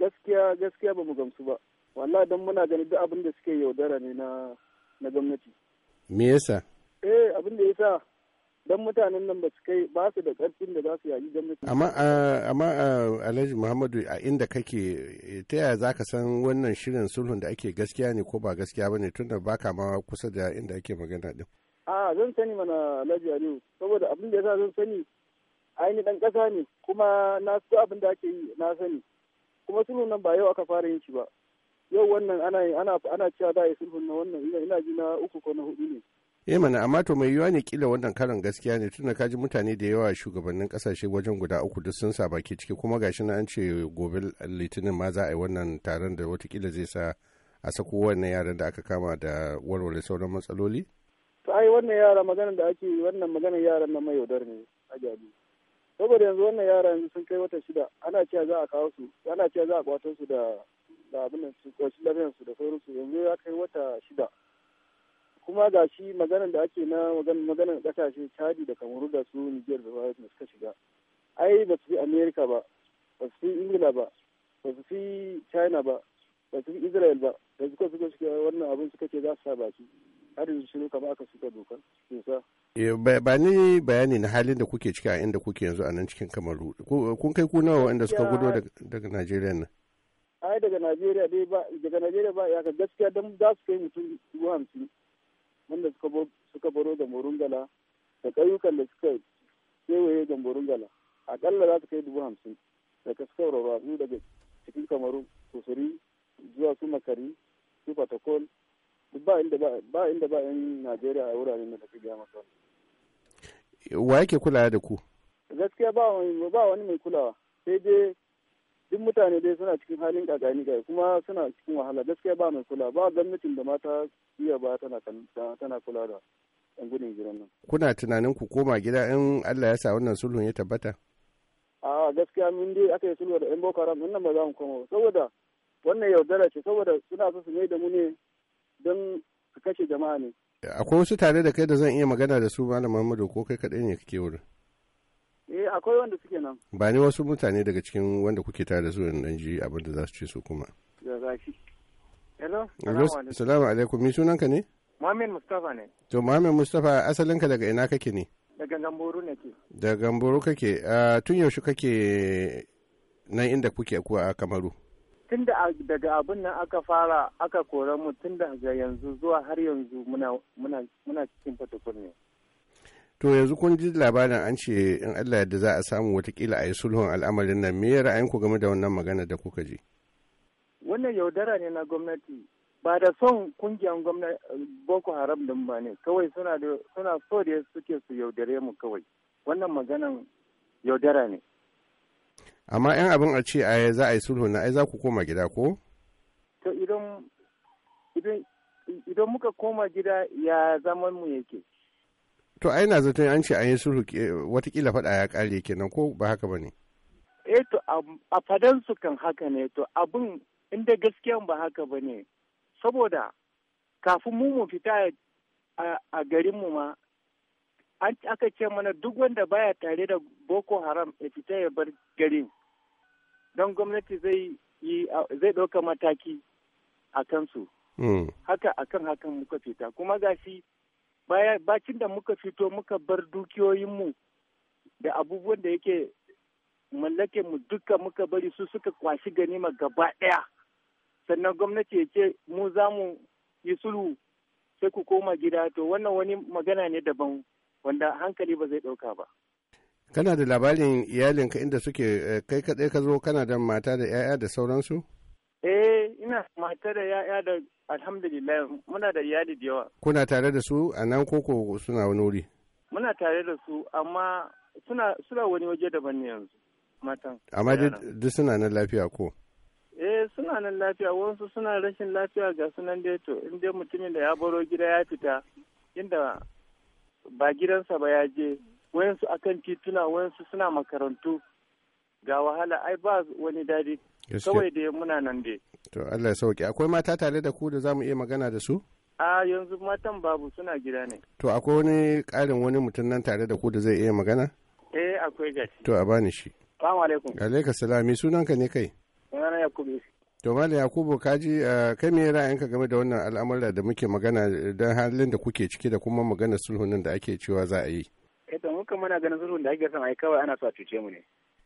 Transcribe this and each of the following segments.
gaskiya gaskiya ba mu gamsu ba wallahi don muna ganin duk abin da suke yaudara ne na na gwamnati me yasa eh abin da yasa don mutanen nan ba su kai ba su da karfin da za su yayi gwamnati amma amma Alhaji Muhammadu a inda kake ta yaya zaka san wannan shirin sulhun da ake gaskiya ne ko ba gaskiya bane tunda baka ma kusa da inda ake magana din a zan sani mana Alhaji Aliyu saboda abin da yasa zan sani ainihin dan kasa ne kuma na su abin da ake yi na sani kuma sulhun nan ba yau aka fara yin shi ba yau wannan ana ana ana cewa za a yi sulhun na wannan ina ji na uku ko na hudu ne eh mana amma to mai yiwuwa ne kila wannan karan gaskiya ne tunda kaji mutane da yawa shugabannin kasashe wajen guda uku duk sun sa baki ciki kuma gashi na an ce gobe litinin ma za a yi wannan taron da watakila zai sa a sako wannan yaran da aka kama da warware sauran matsaloli to ai wannan yara maganar da ake wannan maganar yaran na mai yaudar ne a jami'a saboda yanzu wannan yara yanzu sun kai wata shida ana cewa za a kawo su ana cewa za a kwato su da da abin su koshin lafiyar su da sauransu yanzu ya kai wata shida kuma ga shi maganar da ake na maganar kasashe chadi da kamaru da su niger da da suka shiga ai ba su fi america ba ba su fi ingila ba ba su fi china ba ba su fi israel ba da suka suka shiga wannan abin suka ce za su sa baki har yanzu sun kama aka suka doka eh, ba ni bayani na halin da kuke ciki a inda kuke yanzu a nan cikin kamaru kun kai kuna wa inda suka gudo daga najeriya nan ai daga najeriya dai ba daga najeriya ba ya gaskiya don za su kai mutum dubu hamsin wanda suka baro da morungala da ƙauyukan da suka kewaye da morungala akalla za su kai dubu hamsin daga suka rarrazu daga cikin kamaru kusuri zuwa su makari su fatakol ba inda ba inda ba Najeriya a wuraren da take gaya masa wa yake kulawa da ku gaskiya ba wani ba wani mai kulawa sai dai duk mutane dai suna cikin halin kakani kai kuma suna cikin wahala gaskiya ba mai kula ba gwamnatin da mata iya ba tana tana kula da yan gudun gidan nan kuna tunanin ku koma gida in Allah ya sa wannan sulhun ya tabbata a gaskiya mun dai aka yi sulhu da yan boko haram nan ba za mu koma saboda wannan yaudara ce saboda suna so su ne da mu ne don kashe jama'a ne akwai wasu tare da kai da zan iya magana da su malam Muhammadu ko kai kaɗai ne kake wurin eh akwai wanda suke nan ba ni wasu mutane daga cikin wanda kuke tare da su in dan ji abin da za su ce su kuma ya zaki hello assalamu alaikum mi sunanka ne Muhammad Mustafa ne to Muhammad Mustafa asalinka daga ina kake ne daga Gamboru ke. daga Gamboru kake ah, tun yaushe kake nan inda kuke kuwa a Kamaru tun daga abin nan aka fara aka kora mu tun daga yanzu zuwa har yanzu muna cikin fatakun ne. To yanzu kun ji labarin an ce in Allah da za a samu watakila a yi sulhun al'amarin nan me ra'ayinku game da wannan magana da kuka ji? Wannan yaudara ne na gwamnati ba da son kungiyar gwamnati Boko Haram din ba ne kawai suna so da suke su yaudare mu kawai wannan maganan yaudara ne. amma yan abin a ce a za a yi sulhu na ai za ku koma gida ko to idan idan idan muka koma gida ya zaman mu yake to ai na zaton an ce an yi sulhu eh, watakila faɗa ya ƙare kenan ko ba haka ba ne eh to a fadan su kan haka ne to abin inda gaskiya ba haka ba ne saboda kafin mu mu fita a mu ma an aka ce mana duk wanda baya tare da boko haram ya fita ya bar garin don gwamnati zai yi zai ɗauka mataki a kansu hmm. haka a kan hakan muka fita kuma gashi bacin da muka fito muka bar dukiyoyinmu da abubuwan da yake mallake mu duka muka bari su suka kwashi ganima gaba ɗaya sannan gwamnati ya ce mu za mu yi sulhu sai ku koma gida to wannan wani magana ne daban wanda hankali ba zai ɗauka ba. kana da labarin iyalinka inda suke eh, kai kaɗai ka zo kana da mata da 'ya'ya da sauransu eh ina mata da 'ya'ya da alhamdulillah muna da iyali da yawa kuna tare da su a nan koko suna wani wuri muna tare da su amma suna suna wani waje daban ne yanzu matan amma duk suna nan lafiya ko eh suna nan lafiya wasu suna rashin lafiya ga sunan dai to in dai mutumin da ya baro gida ya fita inda ba gidansa ba ya je wayansu akan tituna wayansu suna makarantu ga wahala ai ba wani daɗi kawai da muna nan dai to Allah ya sauke akwai mata tare da ku da zamu iya magana da su a yanzu matan babu suna gida ne to akwai wani ƙarin wani mutum nan tare da ku da zai iya magana eh akwai gashi to a bani shi assalamu alaikum alaikum salami sunanka ne kai sunana yakubu to malam yakubu kaji eh, kai me ra'ayinka game da wannan al'amura da muke magana don halin da kuke ciki da kuma magana sulhunin da ake cewa za a yi eh to muka muna ganin sulhun da ake son ai kawai ana so a cuce mu ne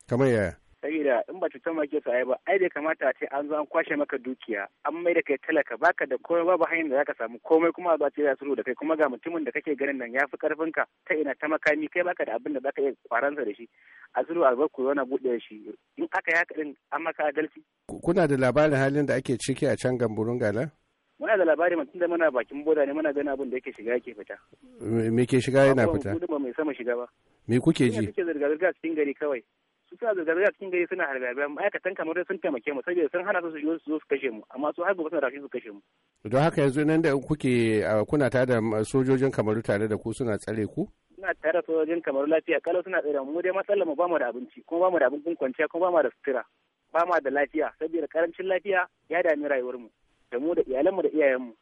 kamar ya saboda in ba cutar make su ai ba ai da kamata a ce an zo an kwashe maka dukiya an mai da kai talaka baka da komai babu hanyar da zaka samu komai kuma ba ce ya suru da kai kuma ga mutumin da kake ganin nan yafi karfin ka ta ina ta makami kai baka da abin da zaka iya kwaransa da shi a suru albarku yana bude shi in aka yi haka din an maka adalci kuna da labarin halin da ake ciki a can gamburun gala muna da labari mutum da muna bakin boda ne muna gani abin da yake shiga yake fita me ke shiga yana fita ba mai sama shiga ba me kuke ji suke zirga zirga cikin gari kawai su suna zirga zirga cikin gari suna hargabiya ma'aikatan kamar sun taimake mu saboda sun hana su su zo su kashe mu amma su har gobe suna rafi su kashe mu don haka yanzu nan da kuke kuna tare da sojojin kamaru tare da ku suna tsare ku suna tare da sojojin kamaru lafiya kala suna tsare mu dai matsalar mu ba mu da abinci kuma ba mu da abincin kwanciya kuma ba mu da sutura ba mu da lafiya saboda karancin lafiya ya dami rayuwar mu da mu da iyalanmu da iyayenmu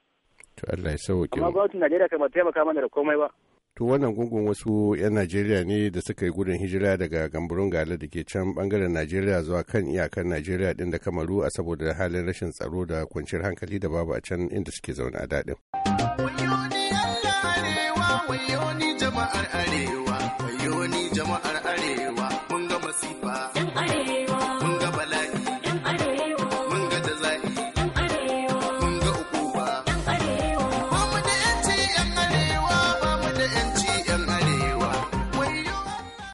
to Allah ya sauke amma gwamnatin Najeriya kan taimaka mana da komai ba to wannan gungun wasu 'yan najeriya ne da suka yi gudun hijira daga gamburin gala da ke can bangaren najeriya zuwa kan iyakar najeriya din da kamaru a saboda halin rashin tsaro da kwanciyar hankali da babu a can inda suke zaune a daɗin jama'ar arewa jama'ar arewa